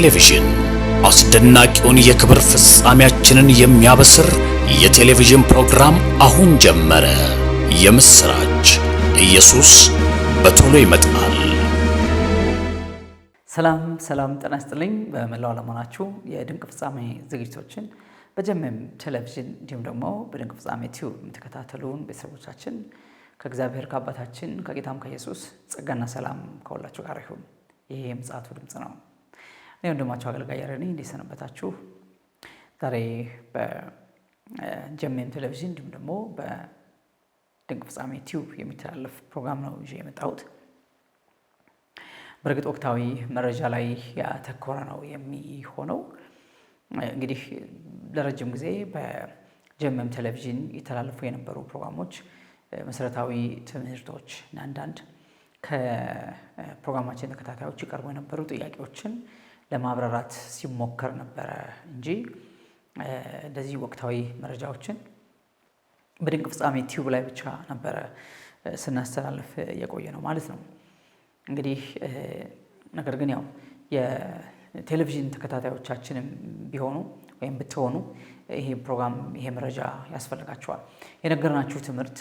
ቴሌቪዥን አስደናቂውን የክብር ፍጻሜያችንን የሚያበስር የቴሌቪዥን ፕሮግራም አሁን ጀመረ። የምስራች! ኢየሱስ በቶሎ ይመጣል። ሰላም ሰላም፣ ጤና ይስጥልኝ። በመላው ዓለም የድንቅ ፍጻሜ ዝግጅቶችን በጀመም ቴሌቪዥን እንዲሁም ደግሞ በድንቅ ፍጻሜ ቲዩብ የምትከታተሉን ቤተሰቦቻችን ከእግዚአብሔር ከአባታችን ከጌታም ከኢየሱስ ጸጋና ሰላም ከሁላችሁ ጋር ይሁን። ይሄ የምጽአቱ ድምፅ ነው። እኔ ወንድማቸው አገልጋይ ያሬድ ነኝ። እንዴት ሰነበታችሁ? ዛሬ በጀሜም ቴሌቪዥን እንዲሁም ደግሞ በድንቅ ፍጻሜ ቲዩብ የሚተላለፍ ፕሮግራም ነው ይዤ የመጣሁት። በእርግጥ ወቅታዊ መረጃ ላይ ያተኮረ ነው የሚሆነው። እንግዲህ ለረጅም ጊዜ በጀመም ቴሌቪዥን የተላለፉ የነበሩ ፕሮግራሞች መሰረታዊ ትምህርቶች እና አንዳንድ ከፕሮግራማችን ተከታታዮች ይቀርቡ የነበሩ ጥያቄዎችን ለማብራራት ሲሞከር ነበረ እንጂ እንደዚህ ወቅታዊ መረጃዎችን በድንቅ ፍጻሜ ቲዩብ ላይ ብቻ ነበረ ስናስተላልፍ የቆየ ነው ማለት ነው። እንግዲህ ነገር ግን ያው የቴሌቪዥን ተከታታዮቻችንም ቢሆኑ ወይም ብትሆኑ ይሄ ፕሮግራም ይሄ መረጃ ያስፈልጋቸዋል። የነገርናችሁ ትምህርት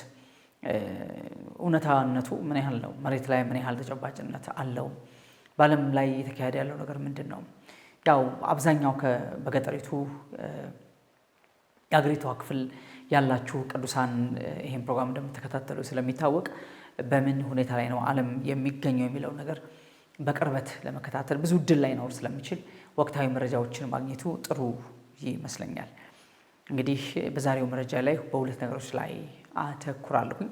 እውነታነቱ ምን ያህል ነው? መሬት ላይ ምን ያህል ተጨባጭነት አለው? በዓለም ላይ እየተካሄደ ያለው ነገር ምንድን ነው? ያው አብዛኛው በገጠሪቱ የአገሪቷ ክፍል ያላችሁ ቅዱሳን ይህን ፕሮግራም እንደምትከታተሉ ስለሚታወቅ በምን ሁኔታ ላይ ነው ዓለም የሚገኘው የሚለው ነገር በቅርበት ለመከታተል ብዙ እድል ላይኖር ስለሚችል ወቅታዊ መረጃዎችን ማግኘቱ ጥሩ ይመስለኛል። እንግዲህ በዛሬው መረጃ ላይ በሁለት ነገሮች ላይ አተኩራለሁኝ።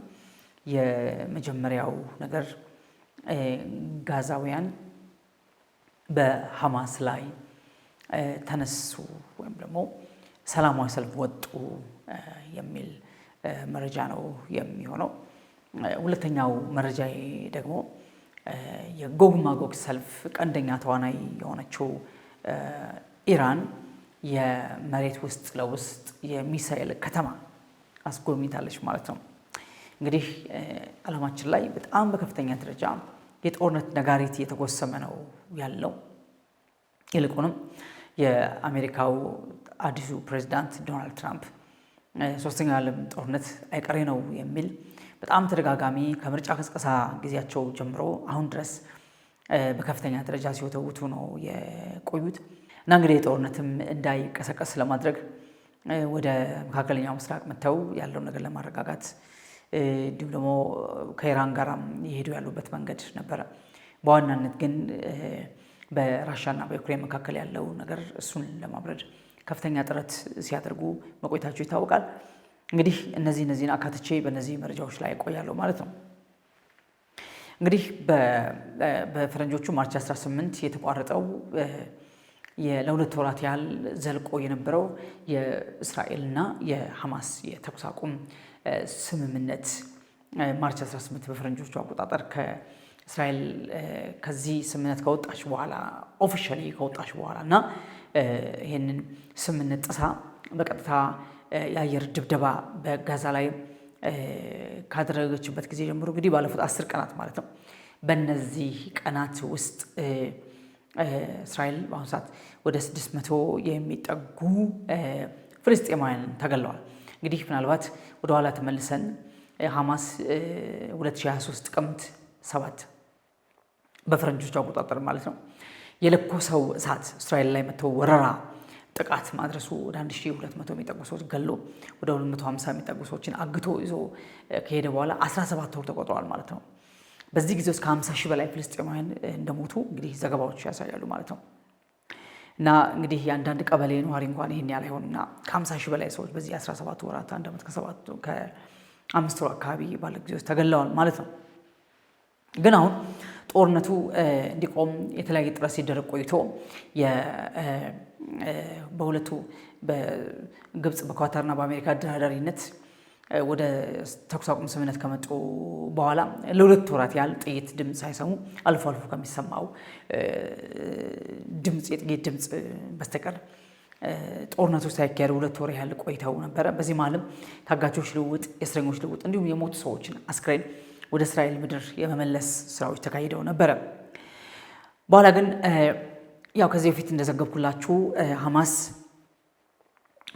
የመጀመሪያው ነገር ጋዛውያን በሐማስ ላይ ተነሱ ወይም ደግሞ ሰላማዊ ሰልፍ ወጡ የሚል መረጃ ነው የሚሆነው። ሁለተኛው መረጃ ደግሞ የጎግ ማጎግ ሰልፍ ቀንደኛ ተዋናይ የሆነችው ኢራን የመሬት ውስጥ ለውስጥ የሚሳኤል ከተማ አስጎብኝታለች ማለት ነው። እንግዲህ ዓለማችን ላይ በጣም በከፍተኛ ደረጃ የጦርነት ነጋሪት እየተጎሰመ ነው ያለው። ይልቁንም የአሜሪካው አዲሱ ፕሬዚዳንት ዶናልድ ትራምፕ ሶስተኛው ዓለም ጦርነት አይቀሬ ነው የሚል በጣም ተደጋጋሚ ከምርጫ ቅስቀሳ ጊዜያቸው ጀምሮ አሁን ድረስ በከፍተኛ ደረጃ ሲወተውቱ ነው የቆዩት እና እንግዲህ የጦርነትም እንዳይቀሰቀስ ለማድረግ ወደ መካከለኛው ምስራቅ መጥተው ያለው ነገር ለማረጋጋት እንዲሁም ደግሞ ከኢራን ጋር የሄዱ ያሉበት መንገድ ነበረ። በዋናነት ግን በራሻና በዩክሬን መካከል ያለው ነገር እሱን ለማብረድ ከፍተኛ ጥረት ሲያደርጉ መቆየታቸው ይታወቃል። እንግዲህ እነዚህ እነዚህን አካትቼ በእነዚህ መረጃዎች ላይ እቆያለሁ ማለት ነው። እንግዲህ በፈረንጆቹ ማርች 18 የተቋረጠው ለሁለት ወራት ያህል ዘልቆ የነበረው የእስራኤልና የሐማስ የተኩስ አቁም ስምምነት ማርች 18 በፈረንጆቹ አቆጣጠር ከእስራኤል ከዚህ ስምምነት ከወጣች በኋላ ኦፊሻሊ ከወጣች በኋላ እና ይህንን ስምምነት ጥሳ በቀጥታ የአየር ድብደባ በጋዛ ላይ ካደረገችበት ጊዜ ጀምሮ እንግዲህ ባለፉት አስር ቀናት ማለት ነው በነዚህ ቀናት ውስጥ እስራኤል በአሁኑ ሰዓት ወደ ስድስት መቶ የሚጠጉ ፍልስጤማውያን ተገለዋል። እንግዲህ ምናልባት ወደኋላ ተመልሰን ሐማስ 2023 ጥቅምት 7 በፈረንጆች አቆጣጠር ማለት ነው የለኮሰው እሳት እስራኤል ላይ መጥተው ወረራ ጥቃት ማድረሱ ወደ 1200 የሚጠጉ ሰዎች ገሎ ወደ 250 የሚጠጉ ሰዎችን አግቶ ይዞ ከሄደ በኋላ 17 ወር ተቆጥረዋል ማለት ነው። በዚህ ጊዜ ውስጥ ከ50 ሺህ በላይ ፍልስጤማውያን እንደሞቱ እንግዲህ ዘገባዎች ያሳያሉ ማለት ነው። እና እንግዲህ የአንዳንድ ቀበሌ ነዋሪ እንኳን ይህን ያህል አይሆንና ከ50 ሺህ በላይ ሰዎች በዚህ 17 ወራት አንድ ዓመት ከአምስት ወር አካባቢ ባለ ጊዜ ውስጥ ተገለዋል ማለት ነው። ግን አሁን ጦርነቱ እንዲቆም የተለያየ ጥረት ሲደረግ ቆይቶ በሁለቱ በግብፅ በኳታርና በአሜሪካ አደራዳሪነት ወደ ተኩስ አቁም ስምምነት ከመጡ በኋላ ለሁለት ወራት ያህል ጥይት ድምፅ ሳይሰሙ አልፎ አልፎ ከሚሰማው ድምፅ የጥይት ድምፅ በስተቀር ጦርነቶች ሳይካሄድ ሁለት ወር ያህል ቆይተው ነበረ። በዚህ መሀልም ታጋቾች ልውውጥ፣ የእስረኞች ልውውጥ እንዲሁም የሞቱ ሰዎችን አስክሬን ወደ እስራኤል ምድር የመመለስ ስራዎች ተካሂደው ነበረ። በኋላ ግን ያው ከዚህ በፊት እንደዘገብኩላችሁ ሀማስ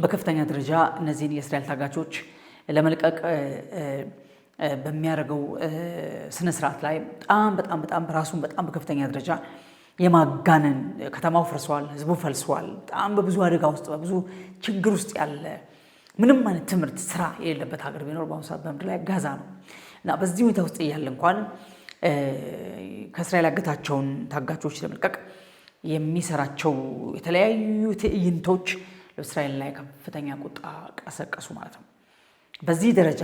በከፍተኛ ደረጃ እነዚህን የእስራኤል ታጋቾች ለመልቀቅ በሚያደርገው ስነስርዓት ላይ በጣም በጣም በጣም ራሱን በጣም በከፍተኛ ደረጃ የማጋነን ከተማው ፈርሰዋል፣ ህዝቡ ፈልሰዋል። በጣም በብዙ አደጋ ውስጥ በብዙ ችግር ውስጥ ያለ ምንም አይነት ትምህርት ስራ የሌለበት ሀገር ቢኖር በአሁኑ ሰዓት በምድር ላይ ጋዛ ነው እና በዚህ ሁኔታ ውስጥ እያለ እንኳን ከእስራኤል ያገታቸውን ታጋቾች ለመልቀቅ የሚሰራቸው የተለያዩ ትዕይንቶች በእስራኤል ላይ ከፍተኛ ቁጣ ቀሰቀሱ ማለት ነው። በዚህ ደረጃ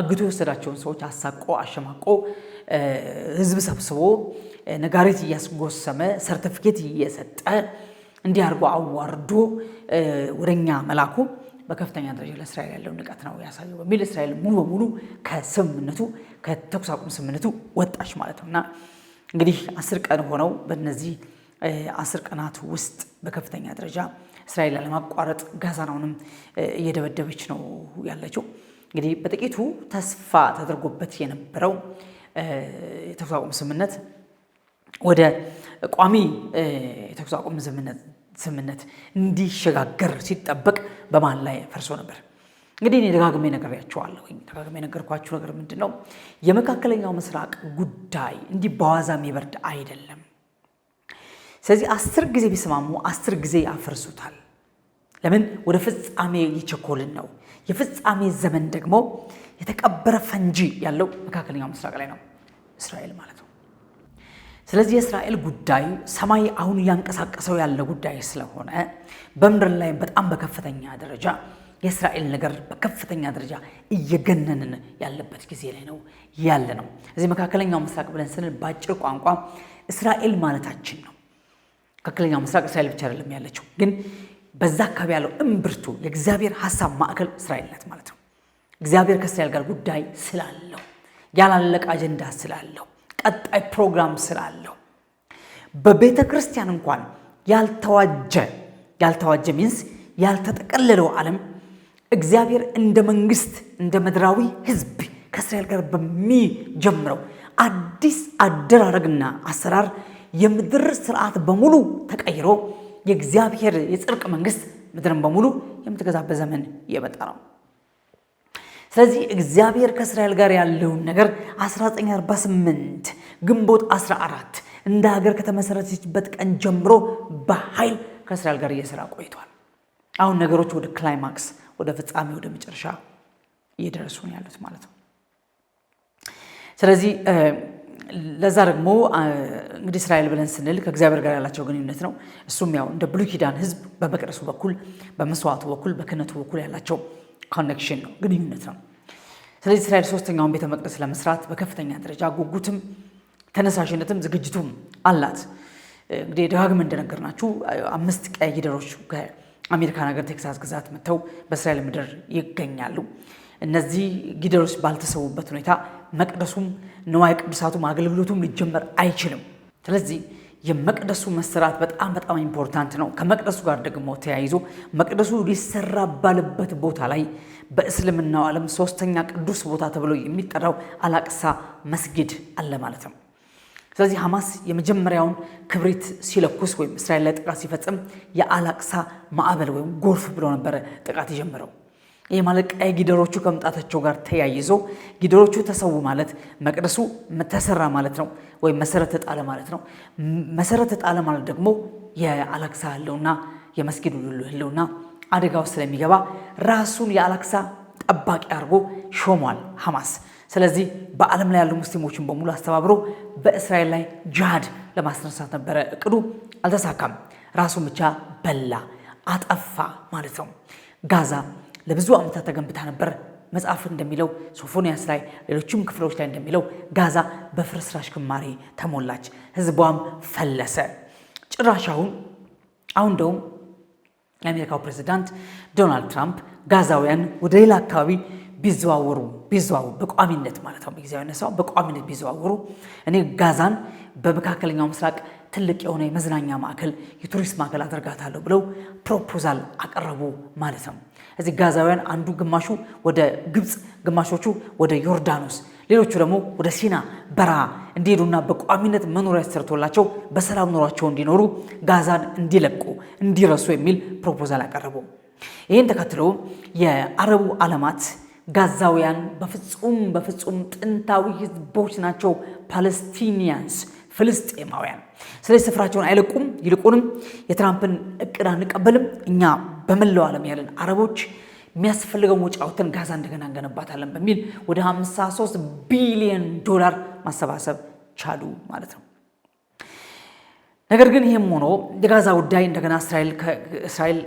አግቶ የወሰዳቸውን ሰዎች አሳቆ አሸማቆ ህዝብ ሰብስቦ ነጋሪት እያስጎሰመ ሰርቲፊኬት እየሰጠ እንዲህ አዋርዶ ወደኛ መላኩ በከፍተኛ ደረጃ ለእስራኤል ያለው ንቀት ነው ያሳየው በሚል እስራኤል ሙሉ በሙሉ ከስምምነቱ ከተኩስ አቁም ስምምነቱ ወጣች ማለት ነው እና እንግዲህ አስር ቀን ሆነው በነዚህ አስር ቀናት ውስጥ በከፍተኛ ደረጃ እስራኤል ለማቋረጥ ጋዛን አሁንም እየደበደበች ነው ያለችው። እንግዲህ በጥቂቱ ተስፋ ተደርጎበት የነበረው የተኩስ አቁም ስምምነት ወደ ቋሚ የተኩስ አቁም ስምምነት እንዲሸጋገር ሲጠበቅ በማን ላይ ፈርሶ ነበር። እንግዲህ እኔ ደጋግሜ ነግሬያቸዋለሁ። ደጋግሜ የነገርኳችሁ ነገር ምንድን ነው? የመካከለኛው ምስራቅ ጉዳይ እንዲህ በዋዛ የሚበርድ አይደለም። ስለዚህ አስር ጊዜ ቢስማሙ አስር ጊዜ ያፈርሱታል። ለምን ወደ ፍጻሜ እየቸኮልን ነው። የፍጻሜ ዘመን ደግሞ የተቀበረ ፈንጂ ያለው መካከለኛው ምስራቅ ላይ ነው፣ እስራኤል ማለት ነው። ስለዚህ የእስራኤል ጉዳይ ሰማይ አሁን እያንቀሳቀሰው ያለ ጉዳይ ስለሆነ በምድር ላይ በጣም በከፍተኛ ደረጃ የእስራኤል ነገር በከፍተኛ ደረጃ እየገነንን ያለበት ጊዜ ላይ ነው ያለ ነው። እዚህ መካከለኛው ምስራቅ ብለን ስንል በአጭር ቋንቋ እስራኤል ማለታችን ነው። መካከለኛው ምስራቅ እስራኤል ብቻ አይደለም ያለችው፣ ግን በዛ አካባቢ ያለው እምብርቱ የእግዚአብሔር ሀሳብ ማዕከል እስራኤል ናት ማለት ነው። እግዚአብሔር ከእስራኤል ጋር ጉዳይ ስላለው፣ ያላለቀ አጀንዳ ስላለው፣ ቀጣይ ፕሮግራም ስላለው በቤተ ክርስቲያን እንኳን ያልተዋጀ ያልተዋጀ ሚንስ ያልተጠቀለለው ዓለም እግዚአብሔር እንደ መንግስት እንደ ምድራዊ ህዝብ ከእስራኤል ጋር በሚጀምረው አዲስ አደራረግና አሰራር የምድር ስርዓት በሙሉ ተቀይሮ የእግዚአብሔር የጽድቅ መንግስት ምድርን በሙሉ የምትገዛበት ዘመን እየመጣ ነው። ስለዚህ እግዚአብሔር ከእስራኤል ጋር ያለውን ነገር 1948 ግንቦት 14 እንደ ሀገር ከተመሰረተችበት ቀን ጀምሮ በኃይል ከእስራኤል ጋር እየሰራ ቆይቷል። አሁን ነገሮች ወደ ክላይማክስ፣ ወደ ፍጻሜ፣ ወደ መጨረሻ እየደረሱ ነው ያሉት ማለት ነው። ስለዚህ ለዛ ደግሞ እንግዲህ እስራኤል ብለን ስንል ከእግዚአብሔር ጋር ያላቸው ግንኙነት ነው። እሱም ያው እንደ ብሉይ ኪዳን ህዝብ በመቅደሱ በኩል በመስዋዕቱ በኩል በክህነቱ በኩል ያላቸው ኮኔክሽን ነው፣ ግንኙነት ነው። ስለዚህ እስራኤል ሶስተኛውን ቤተ መቅደስ ለመስራት በከፍተኛ ደረጃ ጉጉትም ተነሳሽነትም ዝግጅቱም አላት። እንግዲህ ደጋግም እንደነገርናችሁ አምስት ቀይ ጊደሮች ከአሜሪካን ሀገር ቴክሳስ ግዛት መጥተው በእስራኤል ምድር ይገኛሉ። እነዚህ ጊደሮች ባልተሰዉበት ሁኔታ መቅደሱም ንዋይ ቅዱሳቱም አገልግሎቱም ሊጀመር አይችልም። ስለዚህ የመቅደሱ መሰራት በጣም በጣም ኢምፖርታንት ነው። ከመቅደሱ ጋር ደግሞ ተያይዞ መቅደሱ ሊሰራ ባለበት ቦታ ላይ በእስልምናው ዓለም ሶስተኛ ቅዱስ ቦታ ተብሎ የሚጠራው አላቅሳ መስጊድ አለ ማለት ነው። ስለዚህ ሐማስ የመጀመሪያውን ክብሪት ሲለኩስ ወይም እስራኤል ላይ ጥቃት ሲፈጽም የአላቅሳ ማዕበል ወይም ጎርፍ ብሎ ነበረ ጥቃት የጀመረው። ይህ ማለት ቀይ ጊደሮቹ ከመምጣታቸው ጋር ተያይዞ ጊደሮቹ ተሰው ማለት መቅደሱ ተሰራ ማለት ነው፣ ወይም መሰረተ ጣለ ማለት ነው። መሰረተ ጣለ ማለት ደግሞ የአላክሳ ህልውና የመስጊዱ ህልውና አደጋው ስለሚገባ ራሱን የአላክሳ ጠባቂ አድርጎ ሾሟል ሐማስ። ስለዚህ በዓለም ላይ ያሉ ሙስሊሞችን በሙሉ አስተባብሮ በእስራኤል ላይ ጅሃድ ለማስነሳት ነበረ እቅዱ። አልተሳካም። ራሱን ብቻ በላ አጠፋ ማለት ነው ጋዛ ለብዙ ዓመታት ተገንብታ ነበር። መጽሐፍ እንደሚለው ሶፎንያስ ላይ ሌሎችም ክፍሎች ላይ እንደሚለው ጋዛ በፍርስራሽ ክማሬ ተሞላች፣ ህዝቧም ፈለሰ። ጭራሽ አሁን አሁን እንደውም የአሜሪካው ፕሬዚዳንት ዶናልድ ትራምፕ ጋዛውያን ወደ ሌላ አካባቢ ቢዘዋወሩ ቢዘዋወሩ በቋሚነት ማለት ነው ጊዜያዊ ያነሳው በቋሚነት ቢዘዋወሩ እኔ ጋዛን በመካከለኛው ምስራቅ ትልቅ የሆነ የመዝናኛ ማዕከል የቱሪስት ማዕከል አደርጋታለሁ ብለው ፕሮፖዛል አቀረቡ ማለት ነው። እዚህ ጋዛውያን አንዱ ግማሹ ወደ ግብፅ፣ ግማሾቹ ወደ ዮርዳኖስ፣ ሌሎቹ ደግሞ ወደ ሲና በረሃ እንዲሄዱና በቋሚነት መኖሪያ ተሰርቶላቸው በሰላም ኑሯቸው እንዲኖሩ ጋዛን እንዲለቁ እንዲረሱ የሚል ፕሮፖዛል አቀረቡ። ይህን ተከትሎ የአረቡ ዓለማት ጋዛውያን በፍጹም በፍጹም ጥንታዊ ህዝቦች ናቸው። ፓለስቲኒያንስ ፍልስጤማውያን ስለዚህ ስፍራቸውን አይለቁም። ይልቁንም የትራምፕን እቅድ አንቀበልም፣ እኛ በመላው ዓለም ያለን አረቦች የሚያስፈልገው ወጪ አውጥተን ጋዛ እንደገና እንገነባታለን በሚል ወደ 53 ቢሊዮን ዶላር ማሰባሰብ ቻሉ ማለት ነው። ነገር ግን ይህም ሆኖ የጋዛ ጉዳይ እንደገና እስራኤል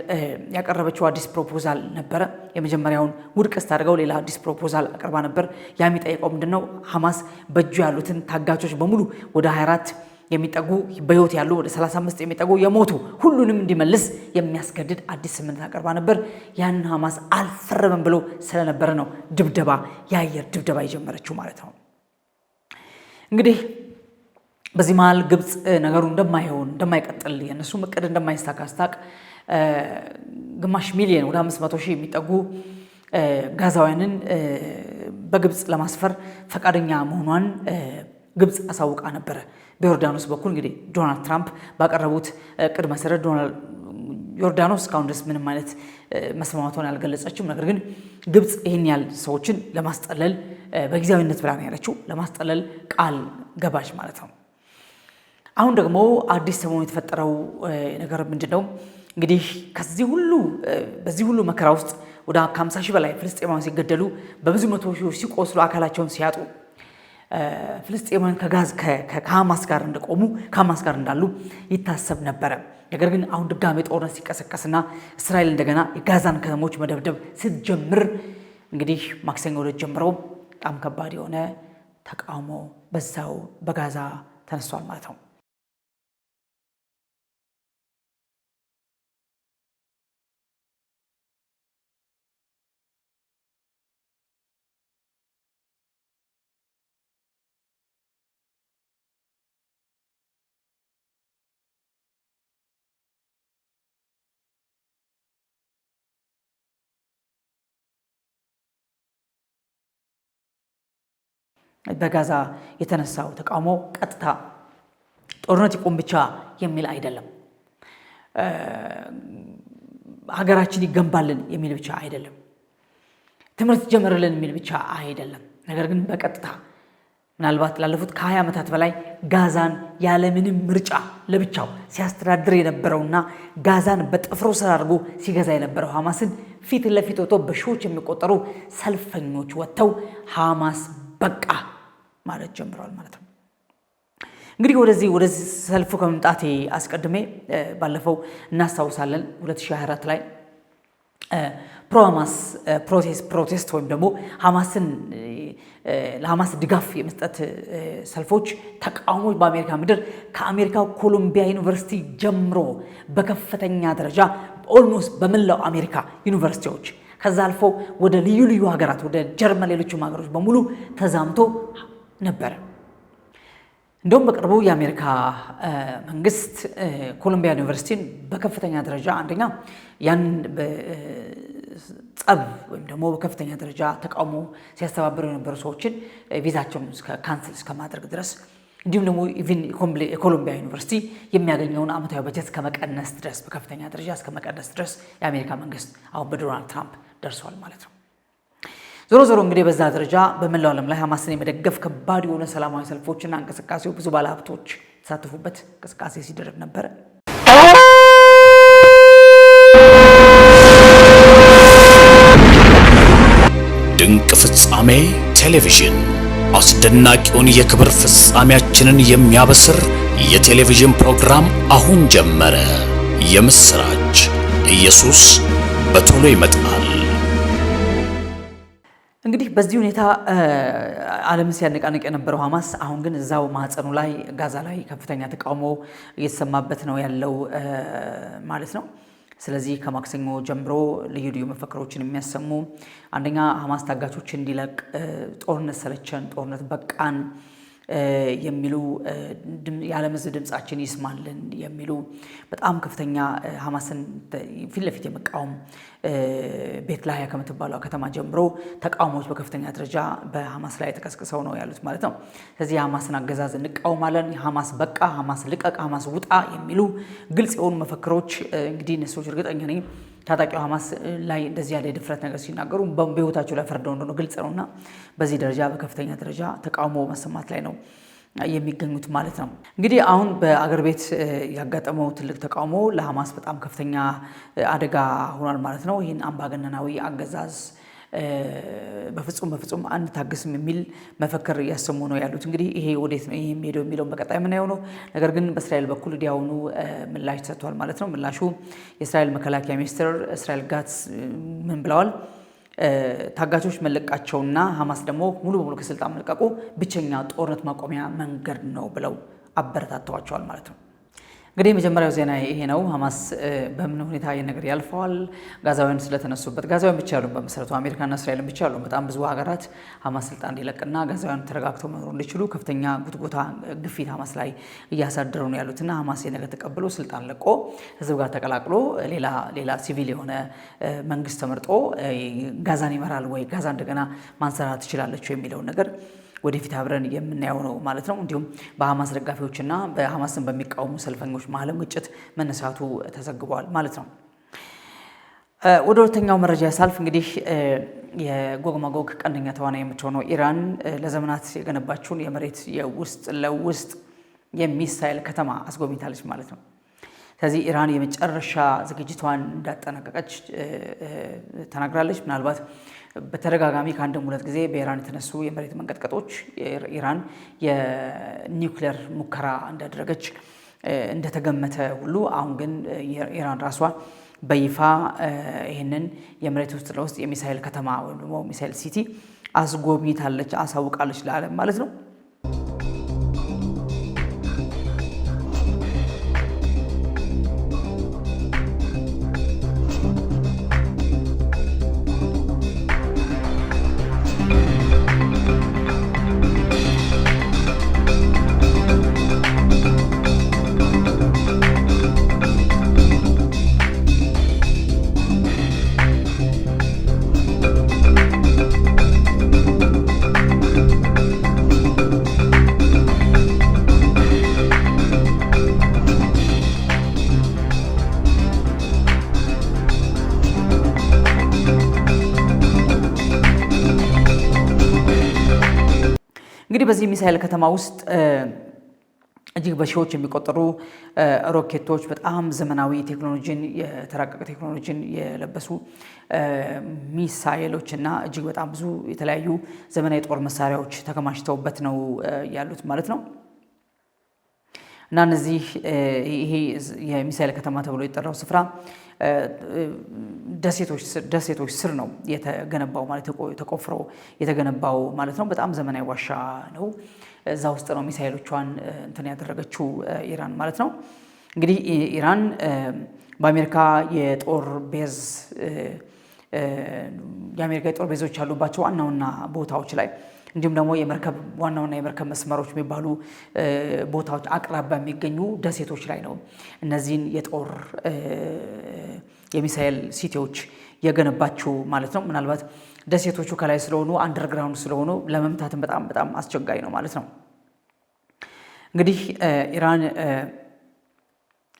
ያቀረበችው አዲስ ፕሮፖዛል ነበረ። የመጀመሪያውን ውድቅ ስታደርገው ሌላ አዲስ ፕሮፖዛል አቅርባ ነበር። ያ የሚጠይቀው ምንድነው? ሐማስ በእጁ ያሉትን ታጋቾች በሙሉ ወደ 24 የሚጠጉ በህይወት ያሉ ወደ 35 የሚጠጉ የሞቱ ሁሉንም እንዲመልስ የሚያስገድድ አዲስ ስምምነት አቅርባ ነበር። ያን ሐማስ አልፈረመም ብሎ ስለነበረ ነው ድብደባ፣ የአየር ድብደባ የጀመረችው ማለት ነው እንግዲህ በዚህ መሀል ግብፅ ነገሩ እንደማይሆን እንደማይቀጥል የእነሱም እቅድ እንደማይስታካስታቅ ግማሽ ሚሊዮን ወደ አምስት ሺህ የሚጠጉ ጋዛውያንን በግብፅ ለማስፈር ፈቃደኛ መሆኗን ግብፅ አሳውቃ ነበረ። በዮርዳኖስ በኩል እንግዲህ ዶናልድ ትራምፕ ባቀረቡት እቅድ መሰረት ዮርዳኖስ እስካሁን ድረስ ምንም አይነት መስማማቷን ያልገለጸችም፣ ነገር ግን ግብፅ ይህን ያህል ሰዎችን ለማስጠለል በጊዜያዊነት ብላ ነው ያለችው፣ ለማስጠለል ቃል ገባች ማለት ነው። አሁን ደግሞ አዲስ ሰሞኑ የተፈጠረው ነገር ምንድን ነው? እንግዲህ ከዚህ ሁሉ በዚህ ሁሉ መከራ ውስጥ ወደ ከ ሺህ በላይ ፍልስጤማውያን ሲገደሉ በብዙ መቶ ሺዎች ሲቆስሉ አካላቸውን ሲያጡ ፍልስጤማውያን ከጋዝ ከሃማስ ጋር እንደቆሙ ከሃማስ ጋር እንዳሉ ይታሰብ ነበረ። ነገር ግን አሁን ድጋሜ ጦርነት ሲቀሰቀስና እስራኤል እንደገና የጋዛን ከተሞች መደብደብ ስትጀምር እንግዲህ ማክሰኞ ዕለት ጀምረው በጣም ከባድ የሆነ ተቃውሞ በዛው በጋዛ ተነሷል ማለት ነው። በጋዛ የተነሳው ተቃውሞ ቀጥታ ጦርነት ይቁም ብቻ የሚል አይደለም። ሀገራችን ይገንባልን የሚል ብቻ አይደለም። ትምህርት ጀምርልን የሚል ብቻ አይደለም። ነገር ግን በቀጥታ ምናልባት ላለፉት ከ20 ዓመታት በላይ ጋዛን ያለምንም ምርጫ ለብቻው ሲያስተዳድር የነበረውና ጋዛን በጥፍሩ ስር አድርጎ ሲገዛ የነበረው ሐማስን ፊት ለፊት ወጥቶ በሺዎች የሚቆጠሩ ሰልፈኞች ወጥተው ሐማስ በቃ ማለት ጀምረዋል ማለት ነው። እንግዲህ ወደዚህ ወደዚህ ሰልፉ ከመምጣቴ አስቀድሜ ባለፈው እናስታውሳለን 2024 ላይ ፕሮማስ ፕሮቴስ ፕሮቴስት ወይም ደግሞ ሐማስን ለሐማስ ድጋፍ የመስጠት ሰልፎች፣ ተቃውሞች በአሜሪካ ምድር ከአሜሪካ ኮሎምቢያ ዩኒቨርሲቲ ጀምሮ በከፍተኛ ደረጃ ኦልሞስት በመላው አሜሪካ ዩኒቨርሲቲዎች ከዛ አልፎ ወደ ልዩ ልዩ ሀገራት ወደ ጀርመን፣ ሌሎችም ሀገሮች በሙሉ ተዛምቶ ነበረ። እንደውም በቅርቡ የአሜሪካ መንግስት ኮሎምቢያ ዩኒቨርሲቲን በከፍተኛ ደረጃ አንደኛ ያን ጸብ ወይም ደግሞ በከፍተኛ ደረጃ ተቃውሞ ሲያስተባብሩ የነበሩ ሰዎችን ቪዛቸውን ካንስል እስከማድረግ ድረስ እንዲሁም ደግሞ ኢቭን የኮሎምቢያ ዩኒቨርሲቲ የሚያገኘውን አመታዊ በጀት ከመቀነስ ድረስ በከፍተኛ ደረጃ እስከመቀነስ ድረስ የአሜሪካ መንግስት አሁን በዶናልድ ትራምፕ ደርሷል ማለት ነው። ዞሮ ዞሮ እንግዲህ በዛ ደረጃ በመላው ዓለም ላይ ሀማስን የመደገፍ ከባድ የሆነ ሰላማዊ ሰልፎችና እንቅስቃሴው ብዙ ባለሀብቶች የተሳተፉበት እንቅስቃሴ ሲደረግ ነበረ። ድንቅ ፍጻሜ ቴሌቪዥን አስደናቂውን የክብር ፍጻሜያችንን የሚያበስር የቴሌቪዥን ፕሮግራም አሁን ጀመረ። የምስራች ኢየሱስ በቶሎ ይመጣል። እንግዲህ በዚህ ሁኔታ አለም ሲያነቃንቅ የነበረው ሐማስ አሁን ግን እዛው ማህፀኑ ላይ ጋዛ ላይ ከፍተኛ ተቃውሞ እየተሰማበት ነው ያለው ማለት ነው። ስለዚህ ከማክሰኞ ጀምሮ ልዩ ልዩ መፈክሮችን የሚያሰሙ አንደኛ ሐማስ ታጋቾች እንዲለቅ፣ ጦርነት ሰለቸን፣ ጦርነት በቃን የሚሉ የዓለምዝ ድምፃችን ይስማልን የሚሉ በጣም ከፍተኛ ሀማስን ፊት ለፊት የመቃወም ቤት ላህያ ከምትባለው ከተማ ጀምሮ ተቃውሞዎች በከፍተኛ ደረጃ በሀማስ ላይ ተቀስቅሰው ነው ያሉት ማለት ነው። ስለዚህ የሀማስን አገዛዝ እንቃወማለን። ሀማስ በቃ፣ ሀማስ ልቀቅ፣ ሀማስ ውጣ የሚሉ ግልጽ የሆኑ መፈክሮች እንግዲህ እነሱ እርግጠኛ ነኝ ታጣቂው ሀማስ ላይ እንደዚህ ያለ የድፍረት ነገር ሲናገሩ በህይወታቸው ላይ ፈርደው እንደሆነ ግልጽ ነው እና በዚህ ደረጃ በከፍተኛ ደረጃ ተቃውሞ መሰማት ላይ ነው የሚገኙት ማለት ነው። እንግዲህ አሁን በአገር ቤት ያጋጠመው ትልቅ ተቃውሞ ለሀማስ በጣም ከፍተኛ አደጋ ሆኗል ማለት ነው። ይህን አምባገነናዊ አገዛዝ በፍጹም በፍጹም ታግስም የሚል መፈክር እያሰሙ ነው ያሉት። እንግዲህ ይሄ ወዴት ነው ይሄ የሚሄደው የሚለውን በቀጣይ የምናየው ነው። ነገር ግን በእስራኤል በኩል ወዲያውኑ ምላሽ ተሰጥቷል ማለት ነው። ምላሹ የእስራኤል መከላከያ ሚኒስትር እስራኤል ጋትስ ምን ብለዋል? ታጋቾች መለቃቸውና ሐማስ ደግሞ ሙሉ በሙሉ ከስልጣን መልቀቁ ብቸኛ ጦርነት ማቆሚያ መንገድ ነው ብለው አበረታተዋቸዋል ማለት ነው። እንግዲህ የመጀመሪያው ዜና ይሄ ነው። ሐማስ በምን ሁኔታ ነገር ያልፈዋል። ጋዛውያን ስለተነሱበት ጋዛውያን ብቻ ያሉን በመሰረቱ አሜሪካና እስራኤልን ብቻ ያሉን በጣም ብዙ ሀገራት ሐማስ ስልጣን እንዲለቅና ጋዛውያን ተረጋግተው መኖር እንዲችሉ ከፍተኛ ጉትጎታ፣ ግፊት ሐማስ ላይ እያሳደሩ ነው ያሉትና ሐማስ የነገር ተቀብሎ ስልጣን ለቆ ህዝብ ጋር ተቀላቅሎ ሌላ ሌላ ሲቪል የሆነ መንግስት ተመርጦ ጋዛን ይመራል ወይ ጋዛ እንደገና ማንሰራ ትችላለች የሚለውን ነገር ወደፊት አብረን የምናየው ነው ማለት ነው። እንዲሁም በሐማስ ደጋፊዎችና በሐማስን በሚቃወሙ ሰልፈኞች መሀልም ግጭት መነሳቱ ተዘግቧል ማለት ነው። ወደ ሁለተኛው መረጃ ያሳልፍ እንግዲህ የጎግ ማጎግ ቀንደኛ ተዋናይ የምትሆነው ኢራን ለዘመናት የገነባችውን የመሬት የውስጥ ለውስጥ የሚሳይል ከተማ አስጎብኝታለች ማለት ነው። ስለዚህ ኢራን የመጨረሻ ዝግጅቷን እንዳጠናቀቀች ተናግራለች። ምናልባት በተደጋጋሚ ከአንድም ሁለት ጊዜ በኢራን የተነሱ የመሬት መንቀጥቀጦች ኢራን የኒውክሌር ሙከራ እንዳደረገች እንደተገመተ ሁሉ አሁን ግን ኢራን ራሷ በይፋ ይህንን የመሬት ውስጥ ለውስጥ የሚሳይል ከተማ ወይም ደግሞ ሚሳይል ሲቲ አስጎብኝታለች፣ አሳውቃለች ለዓለም ማለት ነው። በዚህ ሚሳኤል ከተማ ውስጥ እጅግ በሺዎች የሚቆጠሩ ሮኬቶች በጣም ዘመናዊ ቴክኖሎጂን የተራቀቀ ቴክኖሎጂን የለበሱ ሚሳኤሎች እና እጅግ በጣም ብዙ የተለያዩ ዘመናዊ ጦር መሳሪያዎች ተከማችተውበት ነው ያሉት ማለት ነው። እና እነዚህ ይሄ የሚሳኤል ከተማ ተብሎ የጠራው ስፍራ ደሴቶች ስር ነው የተገነባው ማለት ተቆፍሮ የተገነባው ማለት ነው። በጣም ዘመናዊ ዋሻ ነው። እዛ ውስጥ ነው ሚሳኤሎቿን እንትን ያደረገችው ኢራን ማለት ነው። እንግዲህ ኢራን በአሜሪካ የጦር ቤዝ የአሜሪካ የጦር ቤዞች ያሉባቸው ዋና ዋና ቦታዎች ላይ እንዲሁም ደግሞ የመርከብ ዋና ዋና የመርከብ መስመሮች የሚባሉ ቦታዎች አቅራቢያ የሚገኙ ደሴቶች ላይ ነው እነዚህን የጦር የሚሳኤል ሲቲዎች የገነባችው ማለት ነው። ምናልባት ደሴቶቹ ከላይ ስለሆኑ አንደርግራውንድ ስለሆኑ ለመምታትን በጣም በጣም አስቸጋሪ ነው ማለት ነው። እንግዲህ ኢራን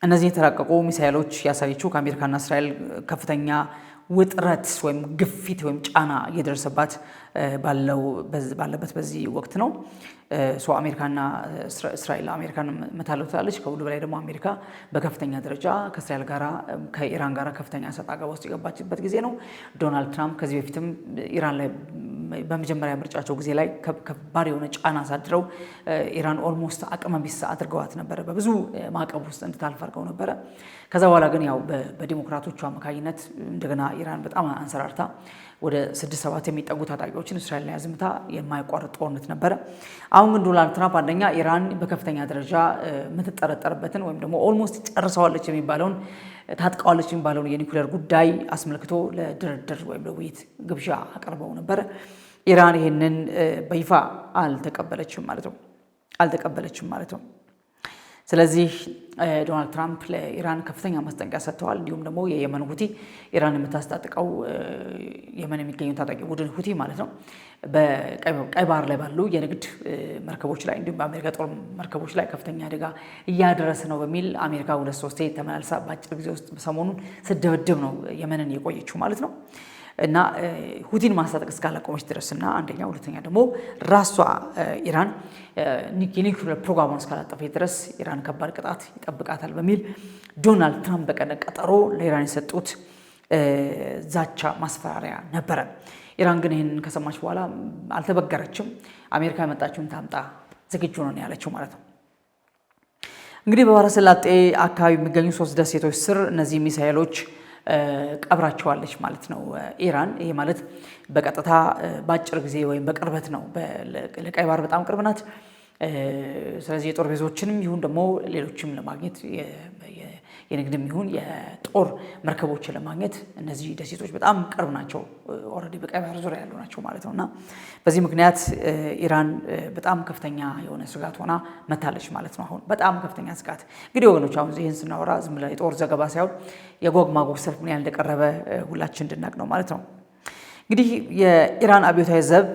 እነዚህ የተራቀቁ ሚሳኤሎች ያሳየችው ከአሜሪካና እስራኤል ከፍተኛ ውጥረት ወይም ግፊት ወይም ጫና እየደረሰባት ባለበት በዚህ ወቅት ነው። ሶ አሜሪካና እስራኤል አሜሪካን መታለው ትላለች። ከሁሉ በላይ ደግሞ አሜሪካ በከፍተኛ ደረጃ ከእስራኤል ጋራ ከኢራን ጋራ ከፍተኛ ሰጥ አገባ ውስጥ የገባችበት ጊዜ ነው። ዶናልድ ትራምፕ ከዚህ በፊትም ኢራን ላይ በመጀመሪያ ምርጫቸው ጊዜ ላይ ከባድ የሆነ ጫና አሳድረው ኢራን ኦልሞስት አቅመ ቢስ አድርገዋት ነበረ። በብዙ ማዕቀብ ውስጥ እንድታልፍ አድርገው ነበረ። ከዛ በኋላ ግን ያው በዲሞክራቶቹ አማካኝነት እንደገና ኢራን በጣም አንሰራርታ ወደ ስድስት ሰባት የሚጠጉ ታጣቂዎችን እስራኤል ላይ አዝምታ የማይቋርጥ ጦርነት ነበረ። አሁን ግን ዶናልድ ትራምፕ አንደኛ ኢራን በከፍተኛ ደረጃ የምትጠረጠርበትን ወይም ደግሞ ኦልሞስት ጨርሰዋለች የሚባለውን ታጥቀዋለች የሚባለውን የኒኩሌር ጉዳይ አስመልክቶ ለድርድር ወይም ለውይይት ግብዣ አቅርበው ነበረ። ኢራን ይህንን በይፋ አልተቀበለችም ማለት ነው አልተቀበለችም ማለት ነው። ስለዚህ ዶናልድ ትራምፕ ለኢራን ከፍተኛ ማስጠንቀቂያ ሰጥተዋል። እንዲሁም ደግሞ የየመን ሁቲ ኢራን የምታስታጥቀው የመን የሚገኙ ታጣቂ ቡድን ሁቲ ማለት ነው በቀይ ባህር ላይ ባሉ የንግድ መርከቦች ላይ እንዲሁም በአሜሪካ ጦር መርከቦች ላይ ከፍተኛ አደጋ እያደረሰ ነው በሚል አሜሪካ ሁለት ሶስቴ ተመላልሳ በአጭር ጊዜ ውስጥ ሰሞኑን ስደበድብ ነው የመንን የቆየችው ማለት ነው። እና ሁቲን ማስታጠቅ እስካላቆመች ድረስ እና አንደኛ፣ ሁለተኛ ደግሞ ራሷ ኢራን የኒውክሌር ፕሮግራሟን እስካላጠፈች ድረስ ኢራን ከባድ ቅጣት ይጠብቃታል በሚል ዶናልድ ትራምፕ በቀነ ቀጠሮ ለኢራን የሰጡት ዛቻ ማስፈራሪያ ነበረ። ኢራን ግን ይህንን ከሰማች በኋላ አልተበገረችም። አሜሪካ የመጣችውን ታምጣ ዝግጁ ነው ያለችው ማለት ነው። እንግዲህ በባህረ ሰላጤ አካባቢ የሚገኙ ሶስት ደሴቶች ስር እነዚህ ሚሳኤሎች ቀብራቸዋለች ማለት ነው ኢራን። ይህ ማለት በቀጥታ በአጭር ጊዜ ወይም በቅርበት ነው። ለቀይ ባህር በጣም ቅርብ ናት። ስለዚህ የጦር ቤዞችንም ይሁን ደግሞ ሌሎችም ለማግኘት የንግድም ይሁን የጦር መርከቦችን ለማግኘት እነዚህ ደሴቶች በጣም ቅርብ ናቸው። ኦልሬዲ በቀይ ባህር ዙሪያ ያሉ ናቸው ማለት ነው እና በዚህ ምክንያት ኢራን በጣም ከፍተኛ የሆነ ስጋት ሆና መታለች ማለት ነው። አሁን በጣም ከፍተኛ ስጋት እንግዲህ ወገኖች፣ አሁን ይህን ስናወራ ዝም ብላ የጦር ዘገባ ሳይሆን የጎግ ማጎግ ሰልፍ ምን ያህል እንደቀረበ ሁላችን እንድናቅ ነው ማለት ነው። እንግዲህ የኢራን አብዮታዊ ዘብ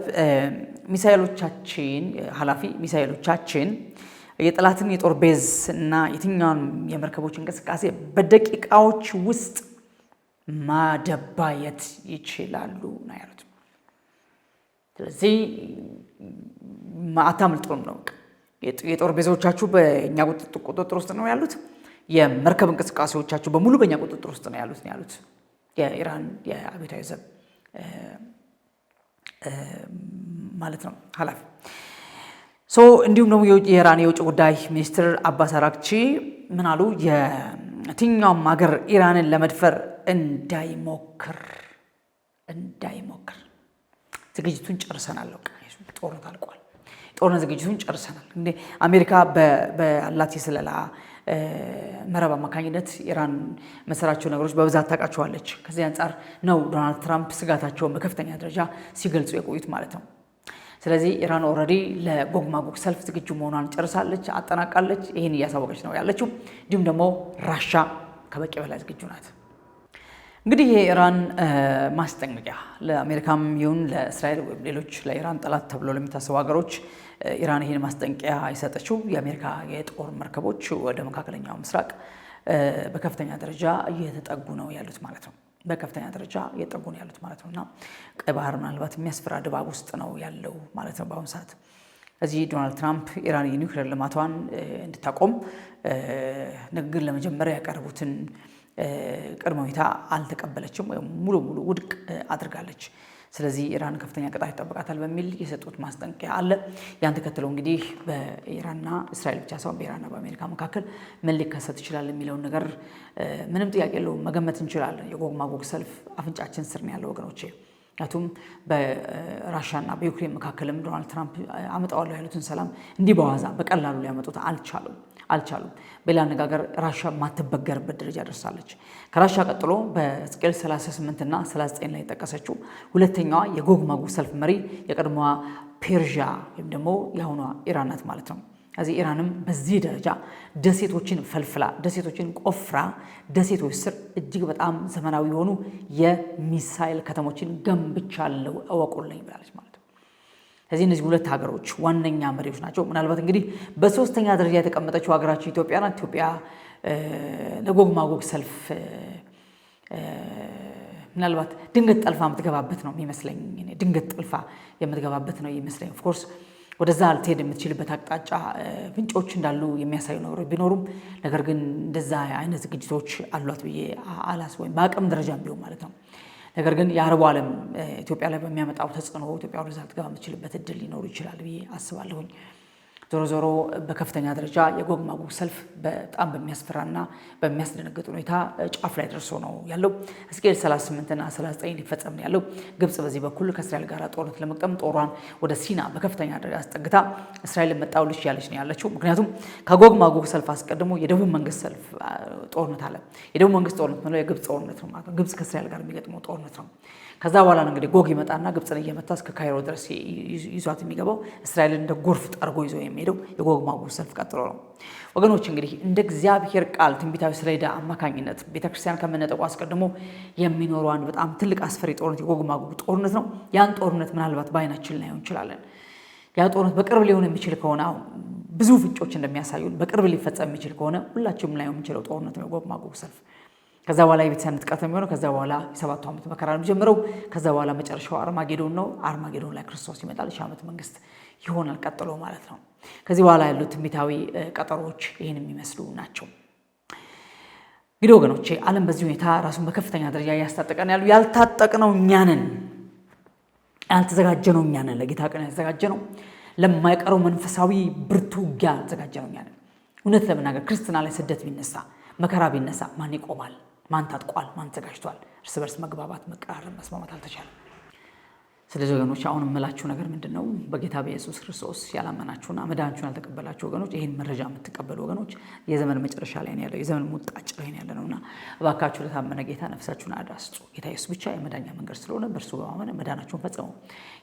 ሚሳይሎቻችን ኃላፊ ሚሳይሎቻችን የጠላትን የጦር ቤዝ እና የትኛውን የመርከቦች እንቅስቃሴ በደቂቃዎች ውስጥ ማደባየት ይችላሉ ነው ያሉት። ስለዚህ አታምልጡም ነው። የጦር ቤዞቻችሁ በእኛ ቁጥጥር ውስጥ ነው ያሉት። የመርከብ እንቅስቃሴዎቻችሁ በሙሉ በእኛ ቁጥጥር ውስጥ ነው ያሉት ያሉት የኢራን የአብዮታዊ ዘብ ማለት ነው ኃላፊ እንዲሁም ደግሞ የኢራን የውጭ ጉዳይ ሚኒስትር አባስ አራግቺ ምናሉ የትኛውም ሀገር ኢራንን ለመድፈር እንዳይሞክር እንዳይሞክር ዝግጅቱን ጨርሰናል። ጦርነት አልቋል። ጦርነት ዝግጅቱን ጨርሰናል። እንግዲህ አሜሪካ በአላት የስለላ መረብ አማካኝነት ኢራን መሰራቸው ነገሮች በብዛት ታውቃቸዋለች። ከዚህ አንጻር ነው ዶናልድ ትራምፕ ስጋታቸውን በከፍተኛ ደረጃ ሲገልጹ የቆዩት ማለት ነው። ስለዚህ ኢራን ኦልሬዲ ለጎግ ማጎግ ሰልፍ ዝግጁ መሆኗን ጨርሳለች፣ አጠናቃለች። ይህን እያሳወቀች ነው ያለችው። እንዲሁም ደግሞ ራሻ ከበቂ በላይ ዝግጁ ናት። እንግዲህ የኢራን ማስጠንቀቂያ ለአሜሪካም ይሁን ለእስራኤል ወይም ሌሎች ለኢራን ጠላት ተብሎ ለሚታሰቡ ሀገሮች ኢራን ይህን ማስጠንቀቂያ የሰጠችው የአሜሪካ የጦር መርከቦች ወደ መካከለኛው ምስራቅ በከፍተኛ ደረጃ እየተጠጉ ነው ያሉት ማለት ነው። በከፍተኛ ደረጃ እየጠጉ ነው ያሉት ማለት ነው። እና ቀይ ባህር ምናልባት የሚያስፈራ ድባብ ውስጥ ነው ያለው ማለት ነው በአሁኑ ሰዓት። እዚህ ዶናልድ ትራምፕ ኢራን የኒውክሌር ልማቷን እንድታቆም ንግግር ለመጀመሪያ ያቀረቡትን ቅድመ ሁኔታ አልተቀበለችም ወይም ሙሉ ሙሉ ውድቅ አድርጋለች። ስለዚህ ኢራን ከፍተኛ ቅጣት ይጠብቃታል በሚል የሰጡት ማስጠንቀቂያ አለ። ያን ተከትሎ እንግዲህ በኢራንና እስራኤል ብቻ ሳይሆን በኢራንና በአሜሪካ መካከል ምን ሊከሰት ይችላል የሚለውን ነገር ምንም ጥያቄ የለውም መገመት እንችላለን። የጎግ ማጎግ ሰልፍ አፍንጫችን ስር ነው ያለው ወገኖቼ። ምክንያቱም በራሽያና በዩክሬን መካከልም ዶናልድ ትራምፕ አመጣዋለሁ ያሉትን ሰላም እንዲህ በዋዛ በቀላሉ ሊያመጡት አልቻሉም አልቻሉም። በሌላ አነጋገር ራሽያ ማትበገርበት ደረጃ ደርሳለች። ከራሽያ ቀጥሎ በስቅል 38 እና 39 ላይ የጠቀሰችው ሁለተኛዋ የጎግ ማጎግ ሰልፍ መሪ የቀድሞዋ ፔርዣ ወይም ደግሞ የአሁኗ ኢራን ናት ማለት ነው። ከዚህ ኢራንም በዚህ ደረጃ ደሴቶችን ፈልፍላ ደሴቶችን ቆፍራ ደሴቶች ስር እጅግ በጣም ዘመናዊ የሆኑ የሚሳይል ከተሞችን ገንብቻለሁ እወቁልኝ ብላለች ማለት ነው። ከዚህ እነዚህ ሁለት ሀገሮች ዋነኛ መሪዎች ናቸው። ምናልባት እንግዲህ በሶስተኛ ደረጃ የተቀመጠችው ሀገራችን ኢትዮጵያ ናት። ኢትዮጵያ ለጎግ ማጎግ ሰልፍ ምናልባት ድንገት ጠልፋ የምትገባበት ነው የሚመስለኝ ድንገት ጠልፋ የምትገባበት ነው ይመስለኝ ኦፍኮርስ ወደዛ ልትሄድ የምትችልበት አቅጣጫ ፍንጮች እንዳሉ የሚያሳዩ ነገሮች ቢኖሩም ነገር ግን እንደዛ አይነት ዝግጅቶች አሏት ብዬ አላስ ወይም በአቅም ደረጃ ቢሆን ማለት ነው። ነገር ግን የአረቡ ዓለም ኢትዮጵያ ላይ በሚያመጣው ተጽዕኖ ኢትዮጵያ ወደዛ ልትገባ የምትችልበት እድል ሊኖሩ ይችላል ብዬ አስባለሁኝ። ዞሮ ዞሮ በከፍተኛ ደረጃ የጎግ ማጎግ ሰልፍ በጣም በሚያስፈራና በሚያስደነግጥ ሁኔታ ጫፍ ላይ ደርሶ ነው ያለው። ሕዝቅኤል 38ና 39 ሊፈጸም ነው ያለው። ግብፅ በዚህ በኩል ከእስራኤል ጋር ጦርነት ለመቅጠም ጦሯን ወደ ሲና በከፍተኛ ደረጃ አስጠግታ እስራኤል መጣው ልሽ ያለች ነው ያለችው። ምክንያቱም ከጎግ ማጎግ ሰልፍ አስቀድሞ የደቡብ መንግስት ሰልፍ ጦርነት አለ። የደቡብ መንግስት ጦርነት የግብፅ ጦርነት ነው ማለት ነው። ግብፅ ከእስራኤል ጋር የሚገጥመው ጦርነት ነው። ከዛ በኋላ ነው እንግዲህ ጎግ ይመጣና ግብፅን እየመታ እስከ ካይሮ ድረስ ይዟት የሚገባው እስራኤልን እንደ ጎርፍ ጠርጎ ይዞ የሚሄደው የጎግ ማጎግ ሰልፍ ቀጥሎ ነው። ወገኖች እንግዲህ እንደ እግዚአብሔር ቃል ትንቢታዊ ሰሌዳ አማካኝነት ቤተክርስቲያን ከመነጠቁ አስቀድሞ የሚኖሩ አንድ በጣም ትልቅ አስፈሪ ጦርነት የጎግ ማጎግ ጦርነት ነው። ያን ጦርነት ምናልባት በአይናችን ላይሆን እንችላለን። ያ ጦርነት በቅርብ ሊሆን የሚችል ከሆነ ብዙ ፍንጮች እንደሚያሳዩ በቅርብ ሊፈጸም የሚችል ከሆነ ሁላችንም ላይሆን የሚችለው ጦርነት ነው የጎግ ማጎግ ሰልፍ ከዛ በኋላ የቤተሰብ ንጥቀት የሚሆነው። ከዛ በኋላ የሰባቱ ዓመት መከራ ነው የሚጀምረው። ከዛ በኋላ መጨረሻው አርማጌዶን ነው። አርማጌዶን ላይ ክርስቶስ ይመጣል። ሺህ ዓመት መንግስት ይሆናል ቀጥሎ ማለት ነው። ከዚህ በኋላ ያሉት ትንቢታዊ ቀጠሮዎች ይህን የሚመስሉ ናቸው። እንግዲህ ወገኖቼ ዓለም በዚህ ሁኔታ ራሱን በከፍተኛ ደረጃ እያስታጠቀን ያሉ ያልታጠቅነው እኛንን ያልተዘጋጀነው እኛንን ለጌታ ቀን ያልተዘጋጀነው ለማይቀረው መንፈሳዊ ብርቱ ውጊያ ያልተዘጋጀነው እኛንን። እውነት ለመናገር ክርስትና ላይ ስደት ቢነሳ መከራ ቢነሳ ማን ይቆማል? ማን ታጥቋል፣ ማን ተዘጋጅቷል፣ እርስ በርስ መግባባት፣ መቀራረብ፣ መስማማት አልተቻለም። ስለዚህ ወገኖች አሁን የምላችሁ ነገር ምንድን ነው? በጌታ በኢየሱስ ክርስቶስ ያላመናችሁና መድኃኒቱን ያልተቀበላችሁ ወገኖች፣ ይህን መረጃ የምትቀበሉ ወገኖች የዘመን መጨረሻ ላይ ያለው የዘመን ሙጣጭ ላይ ያለ እና እባካችሁ ለታመነ ጌታ ነፍሳችሁን አዳስጡ። ጌታ ኢየሱስ ብቻ የመዳኛ መንገድ ስለሆነ በእርሱ በማመን መዳናችሁን ፈጽሙ።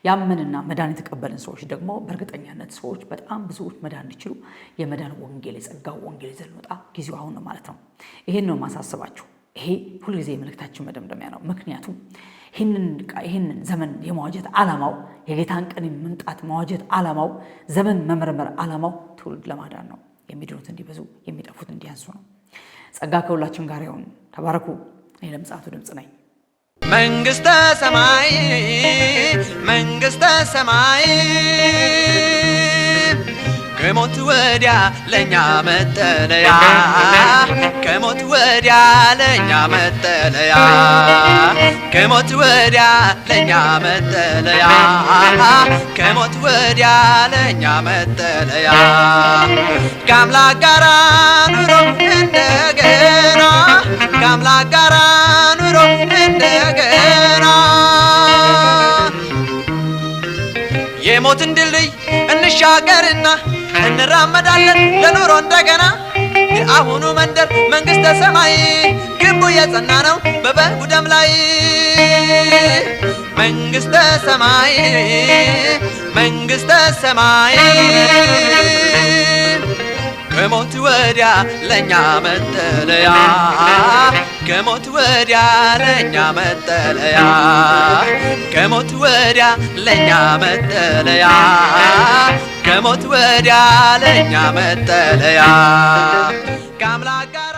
ያመንና መዳን የተቀበልን ሰዎች ደግሞ በእርግጠኛነት ሰዎች በጣም ብዙዎች መዳን እንዲችሉ የመዳን ወንጌል የጸጋው ወንጌል ይዘን እንወጣ ጊዜው አሁን ነው ማለት ነው። ይህን ነው ማሳስባችሁ። ይሄ ሁልጊዜ የመልእክታችን መደምደሚያ ነው። ምክንያቱም ይህንን ዘመን የመዋጀት ዓላማው የጌታን ቀን መምጣት መዋጀት ዓላማው ዘመን መመርመር ዓላማው ትውልድ ለማዳን ነው። የሚድኑት እንዲበዙ የሚጠፉት እንዲያንሱ ነው። ጸጋ ከሁላችን ጋር ይሁን። ተባረኩ። እኔ ለምጽአቱ ድምፅ ነኝ። መንግስተ ሰማይ መንግስተ ሰማይ ከሞት ወዲያ ለእኛ መጠለያ ከሞት ወዲያ ለእኛ መጠለያ ከሞት ወዲያ ለእኛ መጠለያ ከሞት ወዲያ ለእኛ መጠለያ ከአምላክ ጋራ ኑሮ እንደገና ከአምላክ ጋራ ኑሮ እንደገና የሞትን ድልድይ እንሻገርና እንራመዳለን ለኑሮ እንደገና የአሁኑ መንደር መንግስተ ሰማይ ግንቡ የጸና ነው በበጉ ደም ላይ መንግስተ ሰማይ መንግስተ ሰማይ ከሞት ወዲያ ለእኛ መጠለያ ከሞት ወዲያ ለእኛ መጠለያ ከሞት ወዲያ ለእኛ መጠለያ ከሞት ወዲያ ለእኛ መጠለያ ከአምላካ